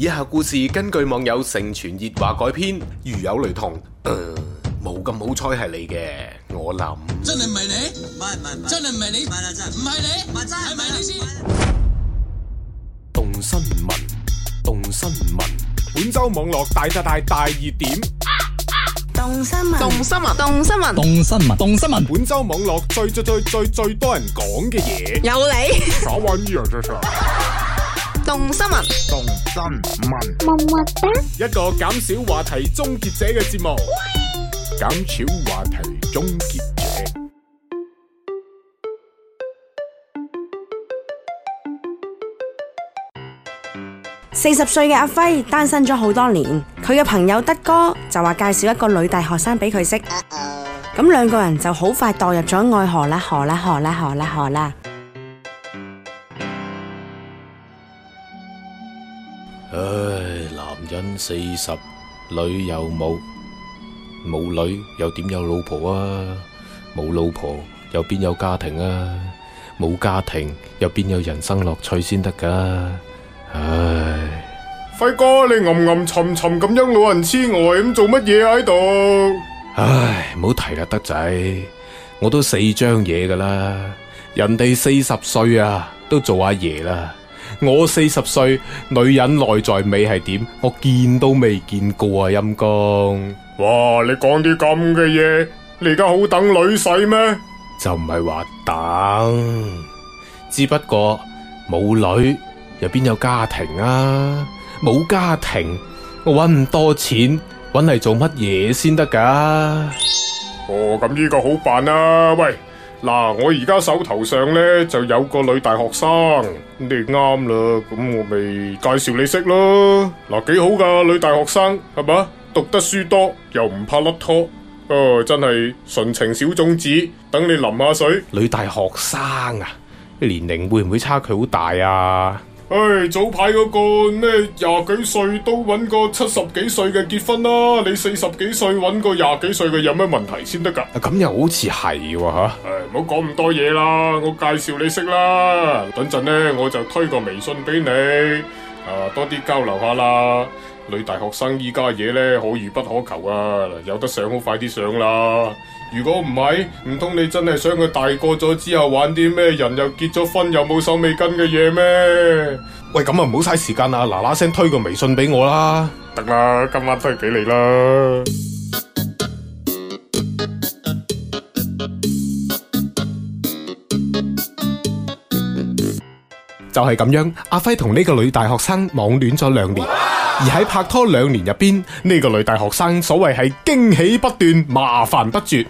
以下故事根據網友盛傳熱話改編，如有雷同，冇、呃、咁好彩係你嘅，我諗真係唔係你，唔係唔係唔係，真係唔係你，唔係你，係咪你先？動身聞，動身聞，本周網絡大大大大熱點，動身聞，動身聞，動身聞，動身聞，動身聞，本周網絡最最最最最多人講嘅嘢，有你， 啥玩意啊，動身聞，動。一個減少話題終結者嘅節目，減 Yeah! 少話題終結者。四十歲嘅阿輝單身咗好多年，佢嘅朋友德哥就話介紹一個女大學生俾佢識，咁兩、uh oh. 個人就好快墮入咗愛河啦，河啦，河啦，河啦，河啦。四十女又冇，冇女又點有老婆啊？冇老婆又邊有家庭啊？冇家庭又邊有人生樂趣先得噶？唉，輝哥，你吟吟沉沉咁樣老人痴呆咁做乜嘢喺度？唉，唔好提啦，德仔，我都四張嘢噶啦，人哋四十歲啊，都做阿爺啦。我四十歲，女人內在美係點？我見都未見過啊！陰公，哇！你講啲咁嘅嘢，你而家好等女婿咩？就唔係話等，只不過冇女又邊有家庭啊，冇家庭，我搵唔多錢，搵嚟做乜嘢先得噶？哦，咁呢個好辦啊！喂。嗱，我而家手頭上咧就有個女大學生，你啱啦，咁我咪介紹你識咯。嗱，幾好噶女大學生係嘛？讀得書多，又唔怕甩拖，哦、呃，真係純情小種子，等你淋下水。女大學生啊，年齡會唔會差距好大啊？唉、哎，早排嗰、嗰個咩廿幾歲都搵個七十幾歲嘅結婚啦、啊，你四十幾歲搵個廿幾歲嘅有咩問題先得噶？咁、啊、又好似係吓。啊唔好講咁多嘢啦，我介紹你識啦。等陣呢，我就推個微信俾你，啊多啲交流下啦。女大學生依家嘢呢，可遇不可求啊，有得上好快啲上啦。如果唔係，唔通你真係想佢大個咗之後玩啲咩人又結咗婚又冇手尾跟嘅嘢咩？喂，咁啊唔好嘥時間啊，嗱嗱聲推個微信俾我啦。得啦，今晚推俾你啦。就係咁樣，阿輝同呢個女大學生網戀咗兩年，哇而喺拍拖兩年入邊，呢個女大學生所謂係驚喜不斷，麻煩不絕。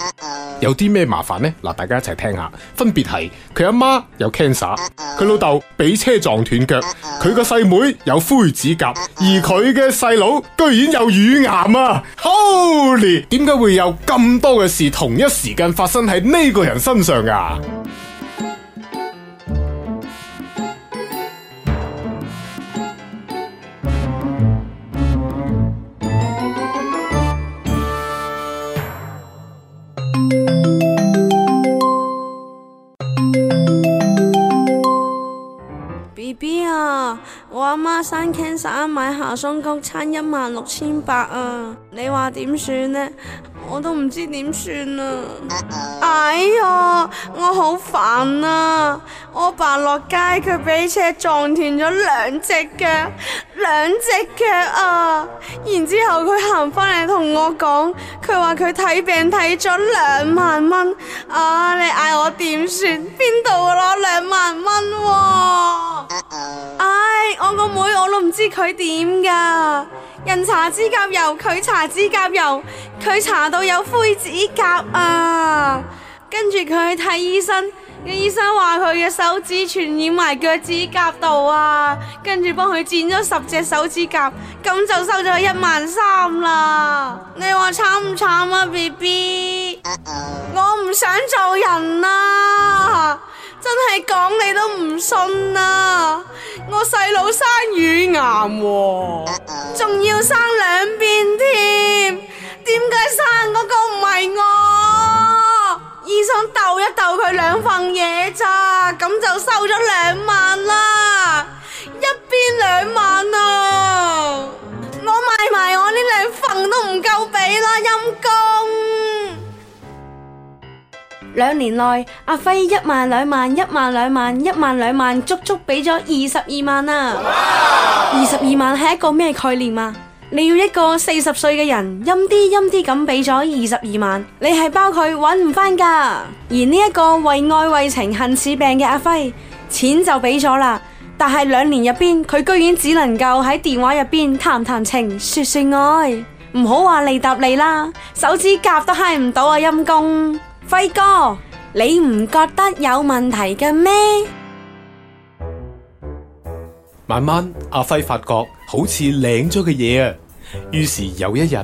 有啲咩麻煩呢？嗱，大家一齊聽下，分別係佢阿媽有 cancer，佢老豆俾車撞斷腳，佢個細妹有灰指甲，而佢嘅細佬居然有乳癌啊！Holy，點解會有咁多嘅事同一時間發生喺呢個人身上噶？BB 啊，我阿媽生 cancer 買夏桑菊差一萬六千八啊，你話點算呢？我都唔知點算啊！哎呀，我好煩啊！我爸落街，佢俾車撞斷咗兩隻腳，兩隻腳啊！然之後佢行翻嚟同我講，佢話佢睇病睇咗兩萬蚊啊！你嗌我點算？邊度攞兩萬蚊？哦？唉、uh oh. 哎，我個妹，妹我都唔知佢點㗎，人搽指甲油，佢搽指甲油，佢搽到有灰指甲啊！跟住佢去睇醫生。啲醫生話佢嘅手指傳染埋腳趾甲度啊，跟住幫佢剪咗十隻手指甲，咁就收咗一萬三啦。你話慘唔慘啊，BB？Uh oh. 我唔想做人啊，真係講你都唔信啊！我細佬生乳癌啊，仲，uh oh. 要生兩邊添，點解生個唔係我？想逗一斗佢兩份嘢咋，咁就收咗兩萬啦，一邊兩萬啊！我賣埋我呢兩份都唔夠俾啦，陰公！兩年內，阿輝一萬兩萬，一萬兩萬，一萬兩萬，足足俾咗二十二萬啊！二十二萬係一個咩概念啊？你要一個四十歲嘅人，陰啲陰啲咁俾咗二十二萬，你係包佢揾唔返噶。而呢一個為愛為情恨似病嘅阿輝，錢就俾咗啦，但係兩年入邊佢居然只能夠喺電話入邊談談情說說愛，唔好話脷搭脷啦，手指甲都揩唔到啊！陰公輝哥，你唔覺得有問題嘅咩？慢慢阿輝發覺。好似領咗嘅嘢啊！於是有一日，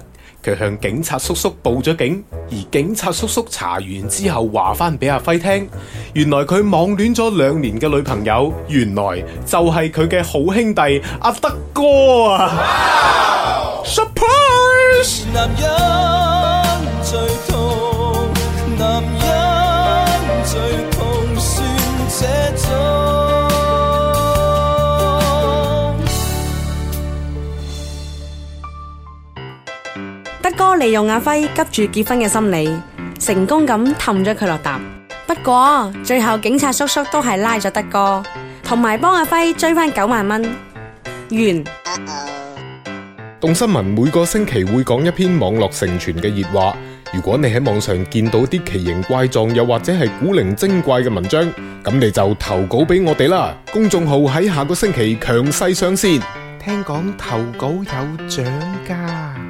佢向警察叔叔報咗警，而警察叔叔查完之後話返俾阿輝聽，原來佢網戀咗兩年嘅女朋友，原來就係佢嘅好兄弟阿德哥啊！Surprise。德哥利用阿輝急住結婚嘅心理，成功咁氹咗佢落答。不過最後警察叔叔都係拉咗德哥，同埋幫阿輝追翻九萬蚊完。動新聞每個星期會講一篇網絡成傳嘅熱話。如果你喺網上見到啲奇形怪狀又或者係古靈精怪嘅文章，咁你就投稿俾我哋啦。公眾號喺下個星期強勢上線。聽講投稿有獎噶。